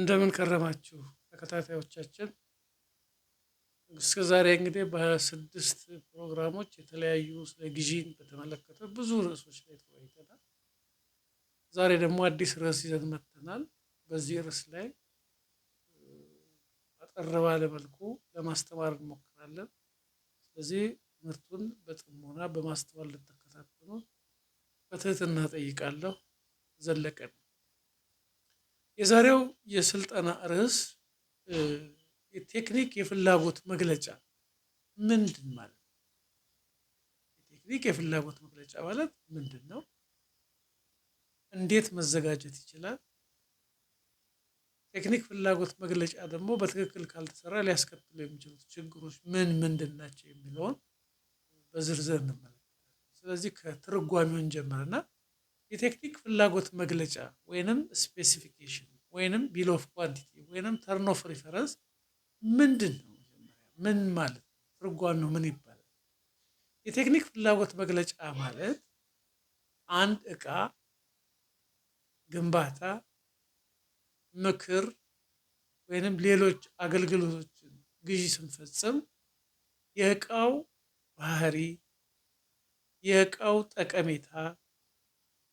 እንደምን ከረማችሁ ተከታታዮቻችን። እስከ ዛሬ እንግዲህ በሀያ ስድስት ፕሮግራሞች የተለያዩ ስለ ግዢን በተመለከተ ብዙ ርዕሶች ላይ ተወያይተናል። ዛሬ ደግሞ አዲስ ርዕስ ይዘን መጥተናል። በዚህ ርዕስ ላይ አጠር ባለ መልኩ ለማስተማር እንሞክራለን። ስለዚህ ትምህርቱን በጥሞና በማስተዋል ልትከታተሉ በትህትና ጠይቃለሁ። ዘለቀን የዛሬው የስልጠና ርዕስ የቴክኒክ የፍላጎት መግለጫ ምንድን ማለት ነው? የቴክኒክ የፍላጎት መግለጫ ማለት ምንድን ነው? እንዴት መዘጋጀት ይችላል? ቴክኒክ ፍላጎት መግለጫ ደግሞ በትክክል ካልተሰራ ሊያስከትሉ የሚችሉት ችግሮች ምን ምንድን ናቸው የሚለውን በዝርዝር እንመለከታለን። ስለዚህ ከትርጓሚውን ጀምርና የቴክኒክ ፍላጎት መግለጫ ወይንም ስፔሲፊኬሽን ወይንም ቢል ኦፍ ኳንቲቲ ወይንም ተርን ኦፍ ሪፈረንስ ምንድን ነው? ምን ማለት ነው? ምን ይባላል? የቴክኒክ ፍላጎት መግለጫ ማለት አንድ እቃ ግንባታ፣ ምክር ወይንም ሌሎች አገልግሎቶችን ግዢ ስንፈጽም የእቃው ባህሪ፣ የእቃው ጠቀሜታ፣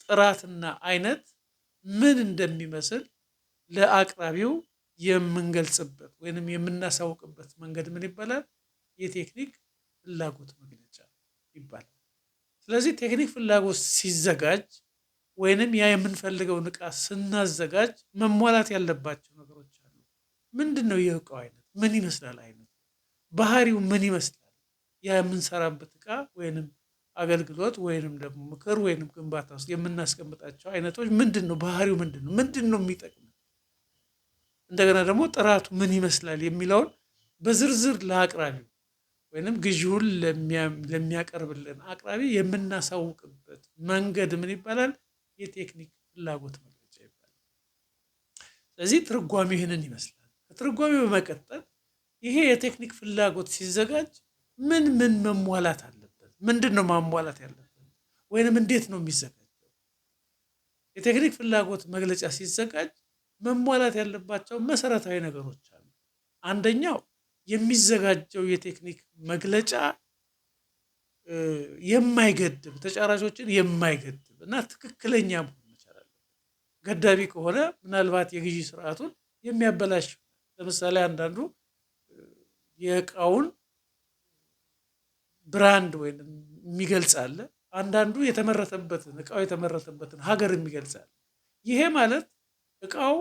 ጥራትና አይነት ምን እንደሚመስል ለአቅራቢው የምንገልጽበት ወይንም የምናሳውቅበት መንገድ ምን ይባላል? የቴክኒክ ፍላጎት መግለጫ ይባላል። ስለዚህ ቴክኒክ ፍላጎት ሲዘጋጅ ወይንም ያ የምንፈልገውን እቃ ስናዘጋጅ መሟላት ያለባቸው ነገሮች አሉ። ምንድን ነው የእቃው አይነት? ምን ይመስላል? አይነት ባህሪው ምን ይመስላል? ያ የምንሰራበት እቃ ወይንም አገልግሎት ወይንም ደግሞ ምክር ወይንም ግንባታ ውስጥ የምናስቀምጣቸው አይነቶች ምንድን ነው? ባህሪው ምንድን ነው? ምንድን ነው የሚጠቅም እንደገና ደግሞ ጥራቱ ምን ይመስላል የሚለውን በዝርዝር ለአቅራቢው ወይም ግዢውን ለሚያቀርብልን አቅራቢ የምናሳውቅበት መንገድ ምን ይባላል? የቴክኒክ ፍላጎት መግለጫ ይባላል። ስለዚህ ትርጓሚ ይህንን ይመስላል። ከትርጓሚው በመቀጠል ይሄ የቴክኒክ ፍላጎት ሲዘጋጅ ምን ምን መሟላት አለበት? ምንድን ነው ማሟላት ያለበት? ወይንም እንዴት ነው የሚዘጋጀው? የቴክኒክ ፍላጎት መግለጫ ሲዘጋጅ መሟላት ያለባቸው መሰረታዊ ነገሮች አሉ። አንደኛው የሚዘጋጀው የቴክኒክ መግለጫ የማይገድብ ተጫራቾችን የማይገድብ እና ትክክለኛ መሆን መቻል አለበት። ገዳቢ ከሆነ ምናልባት የግዢ ስርዓቱን የሚያበላሽ ለምሳሌ አንዳንዱ የእቃውን ብራንድ ወይም የሚገልጽ አለ። አንዳንዱ የተመረተበትን እቃው የተመረተበትን ሀገር የሚገልጽ አለ። ይሄ ማለት እቃው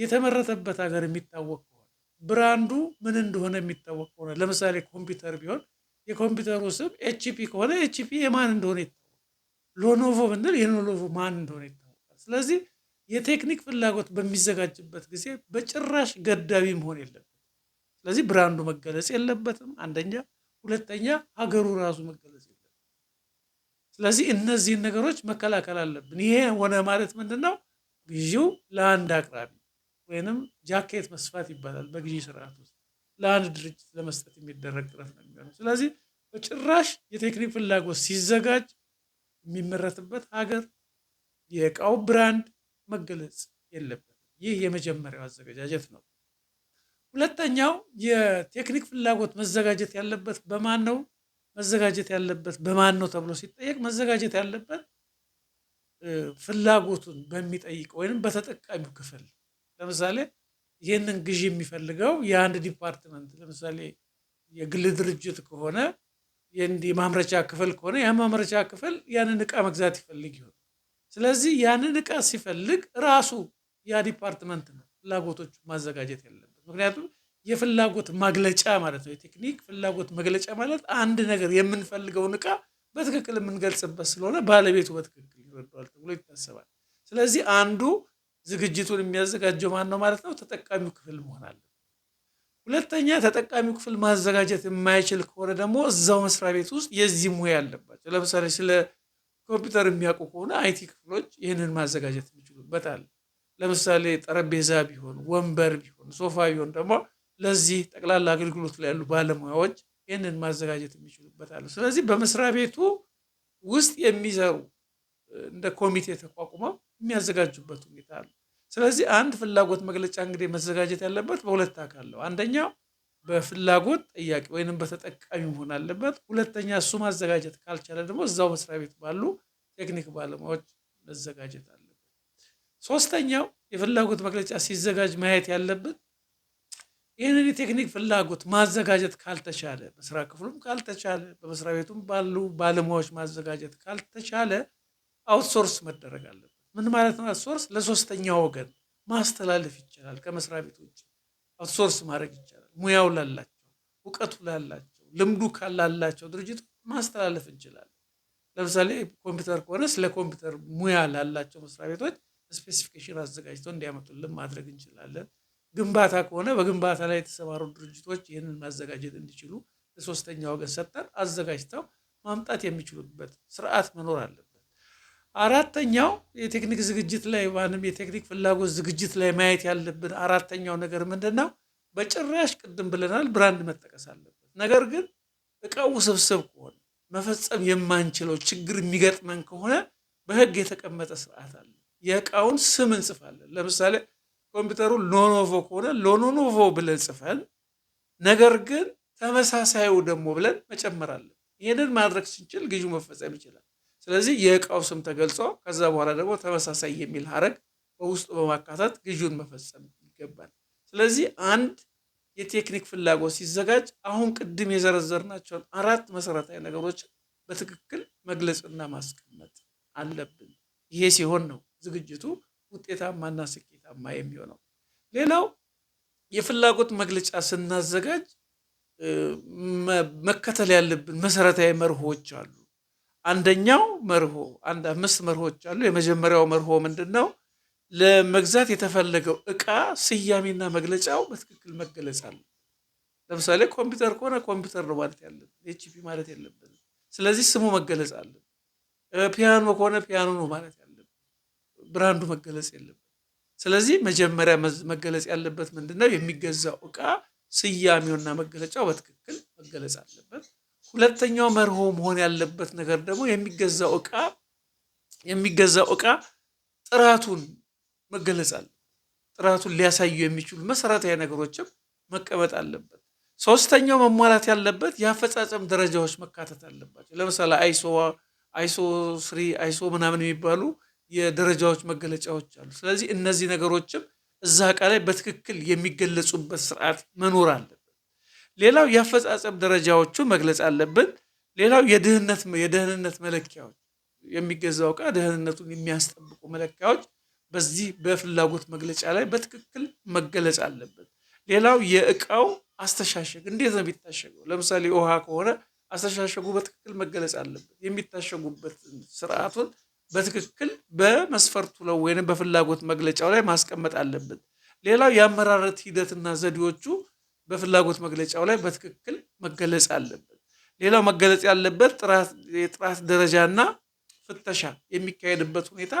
የተመረተበት ሀገር የሚታወቅ ከሆነ ብራንዱ ምን እንደሆነ የሚታወቅ ከሆነ ለምሳሌ ኮምፒውተር ቢሆን የኮምፒውተሩ ስም ኤችፒ ከሆነ ኤችፒ የማን እንደሆነ ይታወቃል። ሎኖቮ ብንል የሎኖቮ ማን እንደሆነ ይታወቃል። ስለዚህ የቴክኒክ ፍላጎት በሚዘጋጅበት ጊዜ በጭራሽ ገዳቢ መሆን የለበት ስለዚህ ብራንዱ መገለጽ የለበትም አንደኛ፣ ሁለተኛ ሀገሩ ራሱ መገለጽ የለበት ስለዚህ እነዚህን ነገሮች መከላከል አለብን። ይሄ ሆነ ማለት ምንድን ነው? ግዢው ለአንድ አቅራቢ ወይንም ጃኬት መስፋት ይባላል በግዢ ስርዓት ውስጥ ለአንድ ድርጅት ለመስጠት የሚደረግ ጥረት ነው የሚሆነው። ስለዚህ በጭራሽ የቴክኒክ ፍላጎት ሲዘጋጅ የሚመረትበት ሀገር፣ የእቃው ብራንድ መገለጽ የለበትም። ይህ የመጀመሪያው አዘገጃጀት ነው። ሁለተኛው የቴክኒክ ፍላጎት መዘጋጀት ያለበት በማን ነው? መዘጋጀት ያለበት በማን ነው ተብሎ ሲጠየቅ መዘጋጀት ያለበት ፍላጎቱን በሚጠይቅ ወይም በተጠቃሚው ክፍል ለምሳሌ ይህንን ግዢ የሚፈልገው የአንድ ዲፓርትመንት ለምሳሌ የግል ድርጅት ከሆነ የማምረቻ ክፍል ከሆነ ያ ማምረቻ ክፍል ያንን እቃ መግዛት ይፈልግ ይሆን። ስለዚህ ያንን እቃ ሲፈልግ ራሱ ያ ዲፓርትመንት ነው ፍላጎቶቹ ማዘጋጀት ያለበት። ምክንያቱም የፍላጎት ማግለጫ ማለት ነው። የቴክኒክ ፍላጎት መግለጫ ማለት አንድ ነገር የምንፈልገውን እቃ በትክክል የምንገልጽበት ስለሆነ ባለቤቱ በትክክል ተረዷል ተብሎ ይታሰባል። ስለዚህ አንዱ ዝግጅቱን የሚያዘጋጀው ማን ነው ማለት ነው? ተጠቃሚው ክፍል መሆን አለ። ሁለተኛ ተጠቃሚው ክፍል ማዘጋጀት የማይችል ከሆነ ደግሞ እዛው መስሪያ ቤት ውስጥ የዚህ ሙያ አለባቸው። ለምሳሌ ስለ ኮምፒውተር የሚያውቁ ከሆነ አይቲ ክፍሎች ይህንን ማዘጋጀት የሚችሉበት አለ። ለምሳሌ ጠረጴዛ ቢሆን፣ ወንበር ቢሆን፣ ሶፋ ቢሆን ደግሞ ለዚህ ጠቅላላ አገልግሎት ላይ ያሉ ባለሙያዎች ይህንን ማዘጋጀት የሚችሉበት አለ። ስለዚህ በመስሪያ ቤቱ ውስጥ የሚሰሩ እንደ ኮሚቴ ተቋቁመው የሚያዘጋጁበት ሁኔታ አለ። ስለዚህ አንድ ፍላጎት መግለጫ እንግዲህ መዘጋጀት ያለበት በሁለት አካል ነው። አንደኛው በፍላጎት ጥያቄ ወይንም በተጠቃሚ መሆን አለበት። ሁለተኛ እሱ ማዘጋጀት ካልቻለ ደግሞ እዛው መስሪያ ቤት ባሉ ቴክኒክ ባለሙያዎች መዘጋጀት አለበት። ሶስተኛው የፍላጎት መግለጫ ሲዘጋጅ ማየት ያለበት ይህንን የቴክኒክ ፍላጎት ማዘጋጀት ካልተቻለ፣ በስራ ክፍሉም ካልተቻለ፣ በመስሪያ ቤቱም ባሉ ባለሙያዎች ማዘጋጀት ካልተቻለ አውትሶርስ መደረግ አለበት። ምን ማለት ነው? አውትሶርስ ለሶስተኛ ወገን ማስተላለፍ ይቻላል። ከመስሪያ ቤት ውጭ አውትሶርስ ማድረግ ይቻላል። ሙያው ላላቸው፣ እውቀቱ ላላቸው፣ ልምዱ ካላላቸው ድርጅት ማስተላለፍ እንችላለን። ለምሳሌ ኮምፒውተር ከሆነ ስለ ኮምፒውተር ሙያ ላላቸው መስሪያ ቤቶች ስፔሲፊኬሽን አዘጋጅተው እንዲያመጡልን ማድረግ እንችላለን። ግንባታ ከሆነ በግንባታ ላይ የተሰማሩ ድርጅቶች ይህንን ማዘጋጀት እንዲችሉ ለሶስተኛ ወገን ሰጠን አዘጋጅተው ማምጣት የሚችሉበት ስርዓት መኖር አለበት። አራተኛው የቴክኒክ ዝግጅት ላይ ማንም የቴክኒክ ፍላጎት ዝግጅት ላይ ማየት ያለብን አራተኛው ነገር ምንድን ነው? በጭራሽ ቅድም ብለናል፣ ብራንድ መጠቀስ አለበት። ነገር ግን እቃው ውስብስብ ከሆነ መፈጸም የማንችለው ችግር የሚገጥመን ከሆነ በህግ የተቀመጠ ስርዓት አለ። የእቃውን ስም እንጽፋለን። ለምሳሌ ኮምፒውተሩ ሎኖቮ ከሆነ ሎኖኖቮ ብለን ጽፈን፣ ነገር ግን ተመሳሳዩ ደግሞ ብለን መጨመር አለን። ይህንን ማድረግ ስንችል ግዢው መፈጸም ይችላል። ስለዚህ የእቃው ስም ተገልጾ ከዛ በኋላ ደግሞ ተመሳሳይ የሚል ሀረግ በውስጡ በማካተት ግዥውን መፈጸም ይገባል። ስለዚህ አንድ የቴክኒክ ፍላጎት ሲዘጋጅ አሁን ቅድም የዘረዘርናቸውን አራት መሰረታዊ ነገሮች በትክክል መግለጽና ማስቀመጥ አለብን። ይሄ ሲሆን ነው ዝግጅቱ ውጤታማና ስኬታማ የሚሆነው። ሌላው የፍላጎት መግለጫ ስናዘጋጅ መከተል ያለብን መሰረታዊ መርሆች አሉ። አንደኛው መርሆ አንድ አምስት መርሆች አሉ። የመጀመሪያው መርሆ ምንድን ነው? ለመግዛት የተፈለገው እቃ ስያሜና መግለጫው በትክክል መገለጽ አለ። ለምሳሌ ኮምፒውተር ከሆነ ኮምፒውተር ነው ማለት ያለብን፣ ኤችፒ ማለት የለብን። ስለዚህ ስሙ መገለጽ አለ። ፒያኖ ከሆነ ፒያኖ ነው ማለት ያለብን፣ ብራንዱ መገለጽ የለብን። ስለዚህ መጀመሪያ መገለጽ ያለበት ምንድነው የሚገዛው እቃ ስያሜውና መገለጫው በትክክል መገለጽ አለበት። ሁለተኛው መርሆ መሆን ያለበት ነገር ደግሞ የሚገዛው እቃ የሚገዛው እቃ ጥራቱን መገለጽ አለ። ጥራቱን ሊያሳዩ የሚችሉ መሰረታዊ ነገሮችም መቀመጥ አለበት። ሶስተኛው መሟላት ያለበት የአፈጻጸም ደረጃዎች መካተት አለባቸው። ለምሳሌ አይሶ አይሶ ስሪ አይሶ ምናምን የሚባሉ የደረጃዎች መገለጫዎች አሉ። ስለዚህ እነዚህ ነገሮችም እዛ እቃ ላይ በትክክል የሚገለጹበት ስርዓት መኖር አለ። ሌላው የአፈጻጸም ደረጃዎቹ መግለጽ አለብን። ሌላው የደህንነት መለኪያዎች የሚገዛው እቃ ደህንነቱን የሚያስጠብቁ መለኪያዎች በዚህ በፍላጎት መግለጫ ላይ በትክክል መገለጽ አለበት። ሌላው የእቃው አስተሻሸግ እንዴት ነው የሚታሸገው? ለምሳሌ ውሃ ከሆነ አስተሻሸጉ በትክክል መገለጽ አለበት። የሚታሸጉበት ስርዓቱን በትክክል በመስፈርቱ ለው ወይም በፍላጎት መግለጫው ላይ ማስቀመጥ አለበት። ሌላው የአመራረት ሂደትና ዘዴዎቹ በፍላጎት መግለጫው ላይ በትክክል መገለጽ አለበት። ሌላው መገለጽ ያለበት የጥራት ደረጃ እና ፍተሻ የሚካሄድበት ሁኔታ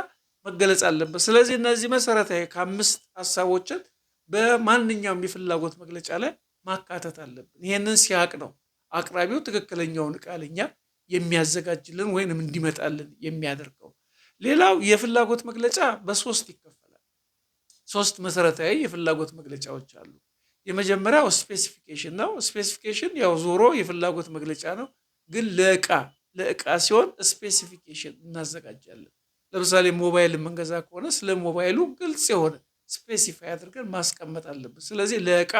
መገለጽ አለበት። ስለዚህ እነዚህ መሰረታዊ ከአምስት ሀሳቦችን በማንኛውም የፍላጎት መግለጫ ላይ ማካተት አለብን። ይህንን ሲያቅ ነው አቅራቢው ትክክለኛውን ቃልኛ የሚያዘጋጅልን ወይንም እንዲመጣልን የሚያደርገው። ሌላው የፍላጎት መግለጫ በሶስት ይከፈላል። ሶስት መሰረታዊ የፍላጎት መግለጫዎች አሉ። የመጀመሪያው ስፔሲፊኬሽን ነው። ስፔሲፊኬሽን ያው ዞሮ የፍላጎት መግለጫ ነው፣ ግን ለእቃ ለእቃ ሲሆን ስፔሲፊኬሽን እናዘጋጃለን። ለምሳሌ ሞባይል የምንገዛ ከሆነ ስለ ሞባይሉ ግልጽ የሆነ ስፔሲፋይ አድርገን ማስቀመጥ አለብን። ስለዚህ ለእቃ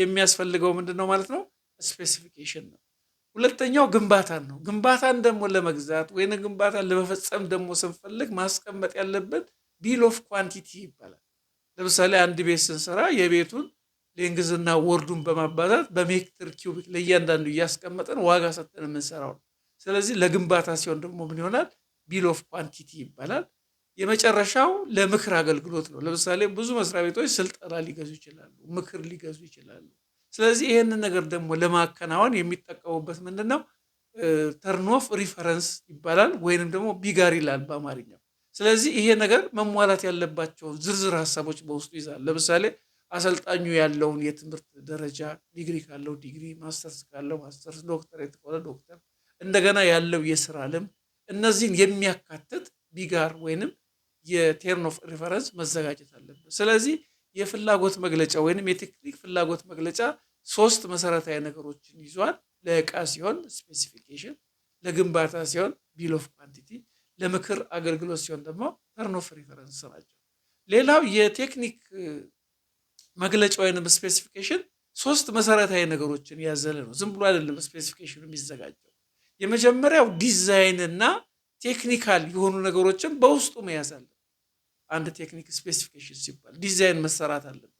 የሚያስፈልገው ምንድን ነው ማለት ነው? ስፔሲፊኬሽን ነው። ሁለተኛው ግንባታን ነው። ግንባታን ደግሞ ለመግዛት ወይም ግንባታን ለመፈጸም ደግሞ ስንፈልግ ማስቀመጥ ያለብን ቢል ኦፍ ኳንቲቲ ይባላል። ለምሳሌ አንድ ቤት ስንሰራ የቤቱን ሌንግዝና ወርዱን በማባዛት በሜትር ኪዩቢክ ለእያንዳንዱ እያስቀመጠን ዋጋ ሰጠን የምንሰራው ነው። ስለዚህ ለግንባታ ሲሆን ደግሞ ምን ይሆናል? ቢል ኦፍ ኳንቲቲ ይባላል። የመጨረሻው ለምክር አገልግሎት ነው። ለምሳሌ ብዙ መስሪያ ቤቶች ስልጠና ሊገዙ ይችላሉ፣ ምክር ሊገዙ ይችላሉ። ስለዚህ ይህንን ነገር ደግሞ ለማከናወን የሚጠቀሙበት ምንድን ነው? ተርኖፍ ሪፈረንስ ይባላል ወይንም ደግሞ ቢጋር ይላል በአማርኛው። ስለዚህ ይሄ ነገር መሟላት ያለባቸው ዝርዝር ሀሳቦች በውስጡ ይዛል። ለምሳሌ አሰልጣኙ ያለውን የትምህርት ደረጃ ዲግሪ ካለው ዲግሪ፣ ማስተርስ ካለው ማስተርስ፣ ዶክተሬት ከሆነ ዶክተር፣ እንደገና ያለው የስራ ልምድ እነዚህን የሚያካትት ቢጋር ወይንም የቴርን ኦፍ ሪፈረንስ መዘጋጀት አለበት። ስለዚህ የፍላጎት መግለጫ ወይንም የቴክኒክ ፍላጎት መግለጫ ሶስት መሰረታዊ ነገሮችን ይዟል። ለእቃ ሲሆን ስፔሲፊኬሽን፣ ለግንባታ ሲሆን ቢል ኦፍ ኳንቲቲ፣ ለምክር አገልግሎት ሲሆን ደግሞ ተርን ኦፍ ሪፈረንስ ናቸው። ሌላው የቴክኒክ መግለጫ ወይም ስፔሲፊኬሽን ሶስት መሰረታዊ ነገሮችን ያዘለ ነው። ዝም ብሎ አይደለም ስፔሲፊኬሽን የሚዘጋጀው። የመጀመሪያው ዲዛይን እና ቴክኒካል የሆኑ ነገሮችን በውስጡ መያዝ አለበት። አንድ ቴክኒክ ስፔሲፊኬሽን ሲባል ዲዛይን መሰራት አለበት።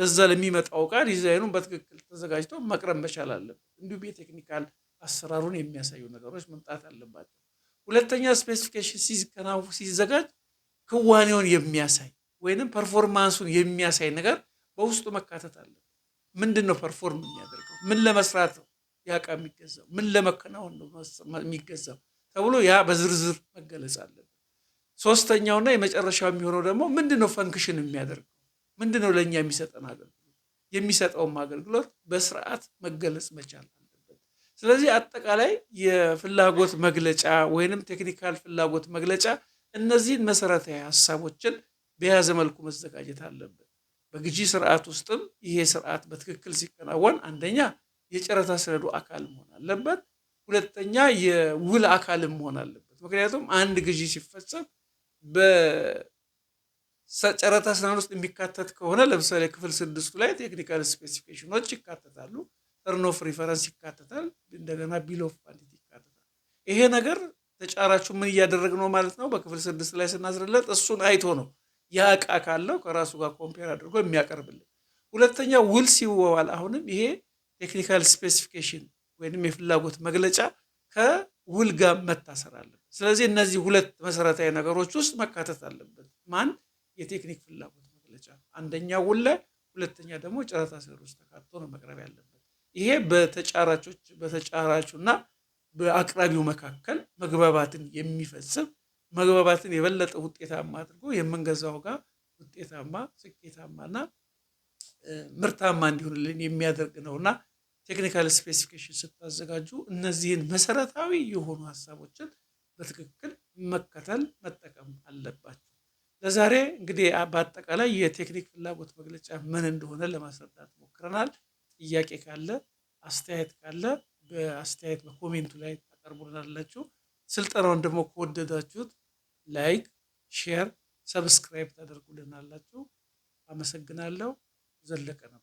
ለዛ ለሚመጣው እቃ ዲዛይኑን በትክክል ተዘጋጅቶ መቅረብ መቻል አለበት። እንዲሁም የቴክኒካል አሰራሩን የሚያሳዩ ነገሮች መምጣት አለባቸው። ሁለተኛ ስፔሲፊኬሽን ሲዘጋጅ ክዋኔውን የሚያሳይ ወይንም ፐርፎርማንሱን የሚያሳይ ነገር በውስጡ መካተት አለ። ምንድን ነው ፐርፎርም የሚያደርገው? ምን ለመስራት ነው ያቃ የሚገዛው? ምን ለመከናወን ነው የሚገዛው ተብሎ ያ በዝርዝር መገለጽ አለበት። ሶስተኛውና የመጨረሻው የሚሆነው ደግሞ ምንድን ነው ፈንክሽን የሚያደርገው? ምንድን ነው ለእኛ የሚሰጠን አገልግሎት? የሚሰጠውም አገልግሎት በስርዓት መገለጽ መቻል አለበት። ስለዚህ አጠቃላይ የፍላጎት መግለጫ ወይንም ቴክኒካል ፍላጎት መግለጫ እነዚህን መሰረታዊ ሀሳቦችን በያዘ መልኩ መዘጋጀት አለበት። በግዢ ስርዓት ውስጥም ይሄ ስርዓት በትክክል ሲከናወን አንደኛ የጨረታ ሰነዱ አካል መሆን አለበት፣ ሁለተኛ የውል አካል መሆን አለበት። ምክንያቱም አንድ ግዢ ሲፈጸም በጨረታ ሰነድ ውስጥ የሚካተት ከሆነ ለምሳሌ ክፍል ስድስቱ ላይ ቴክኒካል ስፔሲፊኬሽኖች ይካተታሉ፣ ተርኖፍ ሪፈረንስ ይካተታል፣ እንደገና ቢል ኦፍ ኳንቲቲ ይካተታል። ይሄ ነገር ተጫራቹ ምን እያደረግ ነው ማለት ነው? በክፍል ስድስት ላይ ስናስረለጥ እሱን አይቶ ነው ያ እቃ ካለው ከራሱ ጋር ኮምፔር አድርጎ የሚያቀርብልን። ሁለተኛ ውል ሲወዋል፣ አሁንም ይሄ ቴክኒካል ስፔሲፊኬሽን ወይም የፍላጎት መግለጫ ከውል ጋር መታሰር አለበት። ስለዚህ እነዚህ ሁለት መሰረታዊ ነገሮች ውስጥ መካተት አለበት። ማን የቴክኒክ ፍላጎት መግለጫ አንደኛ ውል ላይ፣ ሁለተኛ ደግሞ ጨረታ ስር ውስጥ ተካቶ ነው መቅረብ ያለበት። ይሄ በተጫራቾች በተጫራቹና በአቅራቢው መካከል መግባባትን የሚፈጽም መግባባትን የበለጠ ውጤታማ አድርጎ የምንገዛው ጋር ውጤታማ ስኬታማና ምርታማ እንዲሆንልን የሚያደርግ ነውና ቴክኒካል ስፔሲፊኬሽን ስታዘጋጁ እነዚህን መሰረታዊ የሆኑ ሀሳቦችን በትክክል መከተል መጠቀም አለባቸው። ለዛሬ እንግዲህ በአጠቃላይ የቴክኒክ ፍላጎት መግለጫ ምን እንደሆነ ለማስረዳት ሞክረናል። ጥያቄ ካለ አስተያየት ካለ በአስተያየት በኮሜንቱ ላይ ታቀርቡልናላችሁ። ስልጠናውን ደግሞ ከወደዳችሁት ላይክ፣ ሼር፣ ሰብስክራይብ ታደርጉልናላችሁ። አመሰግናለሁ። ዘለቀ ነው።